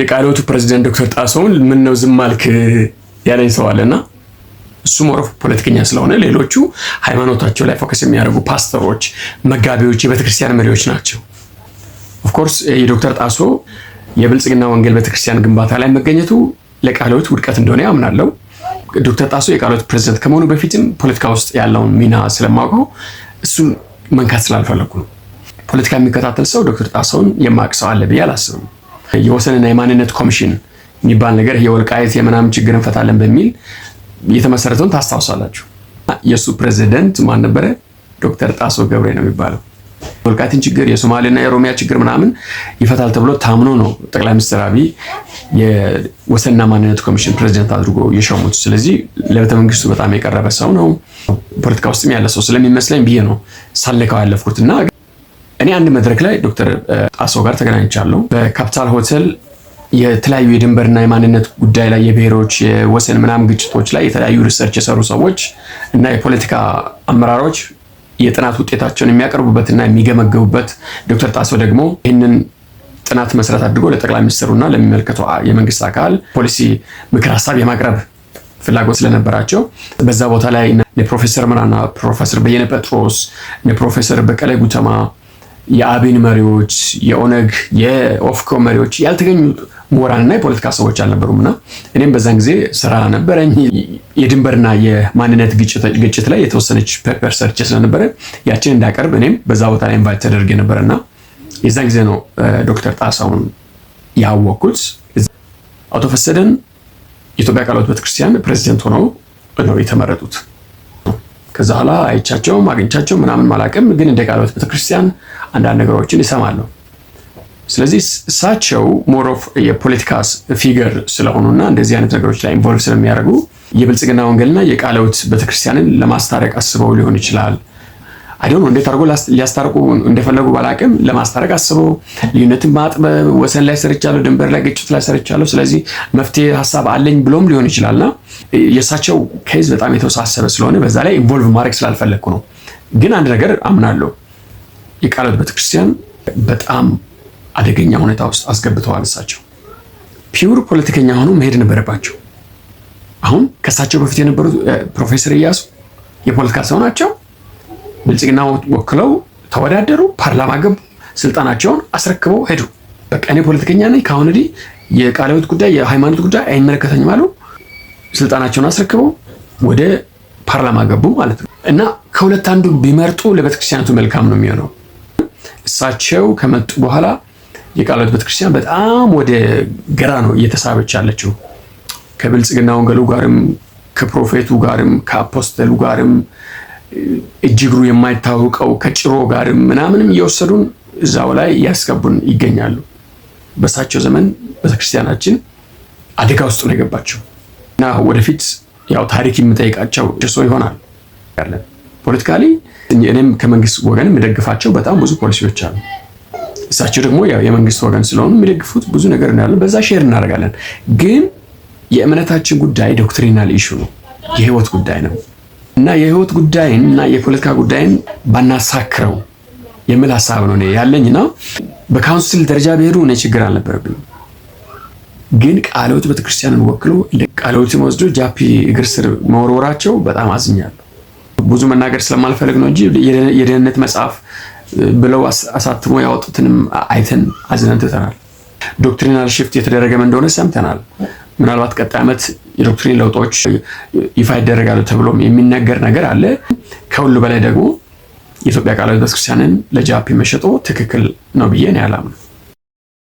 የቃሊዮቱ ፕሬዚደንት ዶክተር ጣሰውን ምን ነው ዝም አልክ ያለኝ ሰው አለና እሱ ሞረፍ ፖለቲከኛ ስለሆነ ሌሎቹ ሃይማኖታቸው ላይ ፎከስ የሚያደርጉ ፓስተሮች፣ መጋቢዎች፣ የቤተክርስቲያን መሪዎች ናቸው። ኦፍኮርስ የዶክተር ጣሶ የብልጽግና ወንጌል ቤተክርስቲያን ግንባታ ላይ መገኘቱ ለቃሊዮት ውድቀት እንደሆነ ያምናለው። ዶክተር ጣሶ የቃሊዮት ፕሬዚደንት ከመሆኑ በፊትም ፖለቲካ ውስጥ ያለውን ሚና ስለማውቀው እሱን መንካት ስላልፈለጉ ነው። ፖለቲካ የሚከታተል ሰው ዶክተር ጣሰውን የማቅ ሰው አለ ብዬ አላስብም። የወሰንና የማንነት ኮሚሽን የሚባል ነገር የወልቃየት የምናምን ችግር እንፈታለን በሚል የተመሰረተውን ታስታውሳላችሁ። የእሱ ፕሬዚደንት ማን ነበረ? ዶክተር ጣሶ ገብሬ ነው የሚባለው። ወልቃይትን ችግር የሶማሌና የኦሮሚያ ችግር ምናምን ይፈታል ተብሎ ታምኖ ነው ጠቅላይ ሚኒስትር አብይ የወሰንና ማንነት ኮሚሽን ፕሬዚደንት አድርጎ የሸሙት ስለዚህ ለቤተ መንግስቱ በጣም የቀረበ ሰው ነው። ፖለቲካ ውስጥም ያለ ሰው ስለሚመስለኝ ብዬ ነው ሳለካው ያለፍኩት እና እኔ አንድ መድረክ ላይ ዶክተር ጣሶ ጋር ተገናኝቻለሁ። በካፒታል ሆቴል የተለያዩ የድንበርና የማንነት ጉዳይ ላይ የብሔሮች የወሰን ምናምን ግጭቶች ላይ የተለያዩ ሪሰርች የሰሩ ሰዎች እና የፖለቲካ አመራሮች የጥናት ውጤታቸውን የሚያቀርቡበትና የሚገመገቡበት ዶክተር ጣሶ ደግሞ ይህንን ጥናት መሰረት አድርጎ ለጠቅላይ ሚኒስትሩና ለሚመለከተው የመንግስት አካል ፖሊሲ ምክር ሀሳብ የማቅረብ ፍላጎት ስለነበራቸው በዛ ቦታ ላይ ፕሮፌሰር ምናና ፕሮፌሰር በየነ ጴጥሮስ ፕሮፌሰር በቀለ ጉተማ የአቢን መሪዎች፣ የኦነግ የኦፍኮ መሪዎች ያልተገኙ እና የፖለቲካ ሰዎች አልነበሩም እና እኔም በዛን ጊዜ ስራ ነበረኝ። የድንበርና የማንነት ግጭት ላይ የተወሰነች ፔፐር ሰርቼ ስለነበረ ያችን እንዳቀርብ እኔም በዛ ቦታ ላይ ኢንቫይት ተደርጌ ነበረ እና የዛን ጊዜ ነው ዶክተር ጣሳውን ያወቅኩት። አቶ ፈሰደን የኢትዮጵያ ቃልዮት ቤተክርስቲያን ፕሬዚደንት ሆነው ነው የተመረጡት። ከዛ በኋላ አይቻቸውም አግኝቻቸው ምናምን ማላቅም፣ ግን እንደ ቃልበት ቤተክርስቲያን አንዳንድ ነገሮችን ይሰማሉ። ስለዚህ እሳቸው ሞሮፍ የፖለቲካ ፊገር ስለሆኑና እንደዚህ አይነት ነገሮች ላይ ኢንቮልቭ ስለሚያደርጉ የብልጽግና ወንጌልና የቃለውት ቤተክርስቲያንን ለማስታረቅ አስበው ሊሆን ይችላል አይዶን እንዴት አድርጎ ሊያስታርቁ እንደፈለጉ ባላቅም ለማስታረቅ አስበው ልዩነትን ማጥበብ ወሰን ላይ ሰርቻለሁ፣ ድንበር ላይ ግጭት ላይ ሰርቻለሁ፣ ስለዚህ መፍትሄ ሀሳብ አለኝ ብሎም ሊሆን ይችላልና የእሳቸው ኬዝ በጣም የተወሳሰበ ስለሆነ በዛ ላይ ኢንቮልቭ ማድረግ ስላልፈለግኩ ነው። ግን አንድ ነገር አምናለሁ፣ የቃልዮት ቤተክርስቲያን በጣም አደገኛ ሁኔታ ውስጥ አስገብተዋል። እሳቸው ፒውር ፖለቲከኛ ሆኖ መሄድ ነበረባቸው። አሁን ከእሳቸው በፊት የነበሩት ፕሮፌሰር እያሱ የፖለቲካ ሰው ናቸው። ብልጽግና ወክለው ተወዳደሩ፣ ፓርላማ ገቡ፣ ስልጣናቸውን አስረክበው ሄዱ። በቃ እኔ ፖለቲከኛ ነኝ፣ ከአሁን ወዲህ የቃለ ሕይወት ጉዳይ የሃይማኖት ጉዳይ አይመለከተኝም አሉ። ስልጣናቸውን አስረክበው ወደ ፓርላማ ገቡ ማለት ነው። እና ከሁለት አንዱ ቢመርጡ ለቤተክርስቲያኒቱ መልካም ነው የሚሆነው። እሳቸው ከመጡ በኋላ የቃለ ሕይወት ቤተክርስቲያን በጣም ወደ ግራ ነው እየተሳበች ያለችው። ከብልጽግና ወንጌሉ ጋርም ከፕሮፌቱ ጋርም ከአፖስተሉ ጋርም እጅግሩ የማይታወቀው ከጭሮ ጋር ምናምንም እየወሰዱን እዛው ላይ እያስገቡን ይገኛሉ። በሳቸው ዘመን ቤተክርስቲያናችን አደጋ ውስጥ ነው የገባቸው እና ወደፊት ያው ታሪክ የምጠይቃቸው ሰው ይሆናል። ፖለቲካሊ እኔም ከመንግስት ወገን የሚደግፋቸው በጣም ብዙ ፖሊሲዎች አሉ። እሳቸው ደግሞ ያው የመንግስት ወገን ስለሆኑ የሚደግፉት ብዙ ነገር እናያለን። በዛ ሼር እናደርጋለን። ግን የእምነታችን ጉዳይ ዶክትሪናል ኢሹ ነው፣ የህይወት ጉዳይ ነው። እና የህይወት ጉዳይን እና የፖለቲካ ጉዳይን ባናሳክረው የሚል ሀሳብ ነው ያለኝ ነው በካውንስል ደረጃ ብሄዱ እኔ ችግር አልነበረብኝ፣ ግን ቃሊዎት ቤተክርስቲያንን ወክሎ ቃሊዎትን ወስዶ ጃፒ እግር ስር መወርወራቸው በጣም አዝኛለሁ። ብዙ መናገር ስለማልፈልግ ነው እንጂ የደህንነት መጽሐፍ ብለው አሳትሞ ያወጡትንም አይተን አዝነን ትተናል። ዶክትሪናል ሽፍት የተደረገም እንደሆነ ሰምተናል። ምናልባት ቀጣይ ዓመት የዶክትሪን ለውጦች ይፋ ይደረጋሉ ተብሎም የሚነገር ነገር አለ። ከሁሉ በላይ ደግሞ የኢትዮጵያ ቃለ ቤተክርስቲያንን ለጃፒ መሸጦ ትክክል ነው ብዬ ነው ያላምነው።